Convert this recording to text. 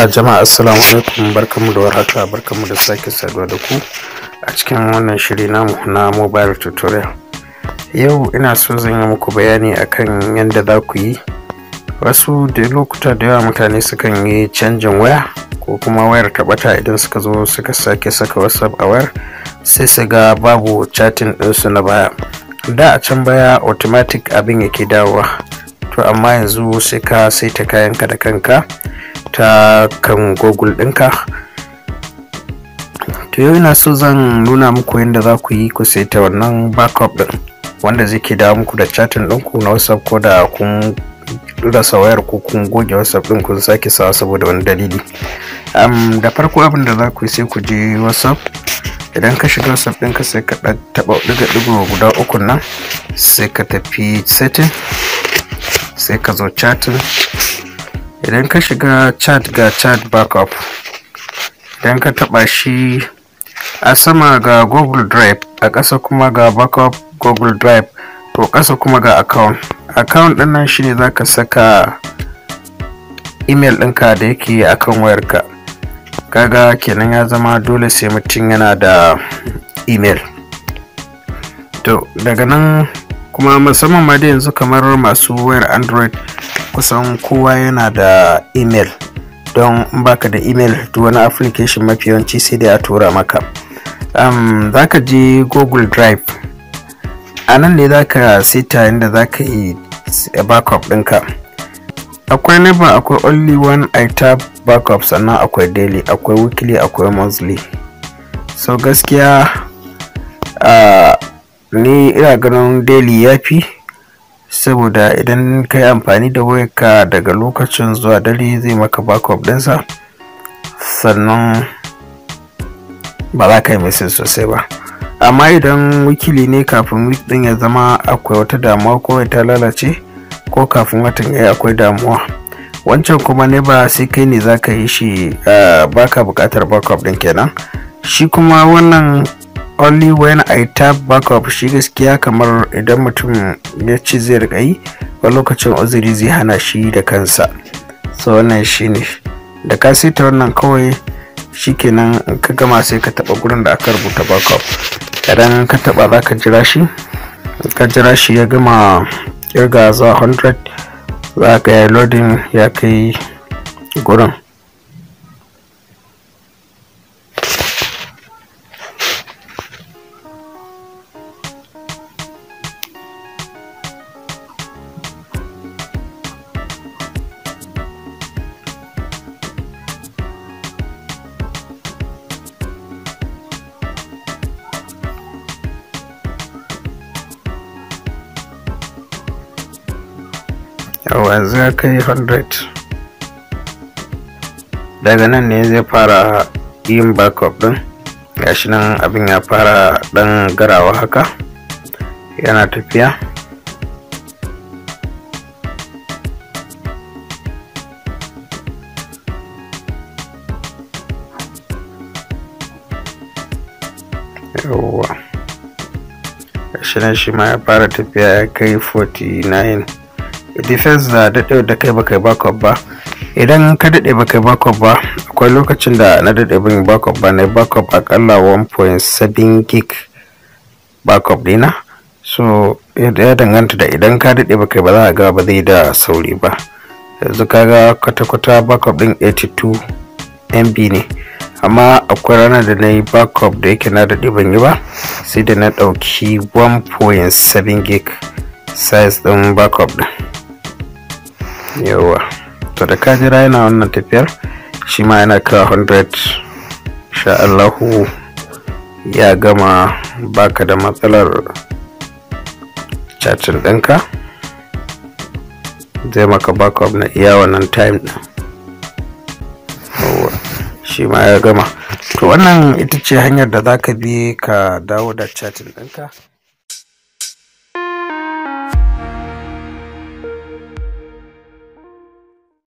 a jama'a assalamu alaikum barkamu da warhaka barkamu da sake saduwa da ku a cikin wannan shiri namu na mobile tutorial yau ina so zan yi muku bayani akan yadda za ku yi wasu da lokuta da yawa mutane sukan yi canjin waya ko kuma wayar taɓata idan suka zo suka sake saka whatsapp a wayar sai su ga babu chatting ɗinsu na baya da a can baya automatic abin yake dawowa to amma yanzu sai ka saita kayanka da kanka ta kan google ɗinka to yau ina so zan nuna muku yadda za ku yi ku saita wannan backup ɗin wanda zai ke dawo muku da chatin ɗinku na whatsapp ko da kun rasa wayar ko kun goge whatsapp ɗin kun sake sawa saboda wani dalili um, da farko abin da za ku yi sai ku je whatsapp idan ka shiga whatsapp ɗinka sai ka taɓa ɗiga ɗigo guda uku nan sai ka tafi setting sai ka zo chatin idan ka shiga chat ga chat backup idan ka taba shi a sama ga google drive a ƙasa kuma ga backup google drive to ƙasa kuma ga account account ɗin nan shine zaka saka email ɗinka da yake akan wayarka kaga kenan ya zama dole sai mutum yana da email to daga nan kuma musamman ma da yanzu kamar masu wayar android kusan kowa yana da email don baka da email da wani application mafi yawanci sai dai a tura maka um, za ka je google drive a nan ne za ka seta inda za ka yi backup ɗinka akwai never akwai only one itab backup sannan akwai daily akwai weekly akwai monthly so gaskiya uh, ni ina ganin daily ya fi saboda idan ka yi amfani da wayarka daga lokacin zuwa dare zai maka backup ɗinsa sannan ba za ka yi message sosai ba amma idan wikili ne kafin week ɗin ya zama akwai wata damuwa ko ta lalace ko kafin watan ya akwai damuwa wancan kuma ne ba sai kai ne za ka yi shi ah, baka bukatar backup ɗin kenan shi kuma wannan only when i tap back up shi gaskiya kamar idan mutum ya ci zai rika yi a lokacin uzuri zai hana shi da kansa so wannan ne da ka saita wannan kawai shi kenan ka gama sai ka taba gurin da aka rubuta back up idan ka taba za ka jira shi ka jira shi ya gama ƙirga za 100 za ka yi loading ya kai gurin yanzu ya kai 100 daga nan ne zai fara yin backup din gashi nan abin ya fara dan garawa haka yana tafiya yawwa gashi nan shi ma ya fara tafiya ya kai 49 defense na daɗe da kai baka backup ba idan ka daɗe baka backup ba akwai lokacin da na daɗe bin backup ba na backup akalla 1.7 gig backup dina so ya danganta da idan ka daɗe baka ba za a ga ba zai da sauri ba yanzu kaga kwata-kwata backup din 82 mb ne amma akwai ranar da na yi backup da yake na daɗe ban yi ba sai da na ɗauki 1.7 gig size ɗin backup ɗin yawa to da kajira yana wannan tafiyar shi ma yana ka 100 sha Allahu ya gama baka da matsalar cacin ɗinka zai maka backup na iya wannan time ɗin shi ma ya gama to wannan ita ce hanyar da za ka bi ka dawo da chatting ɗinka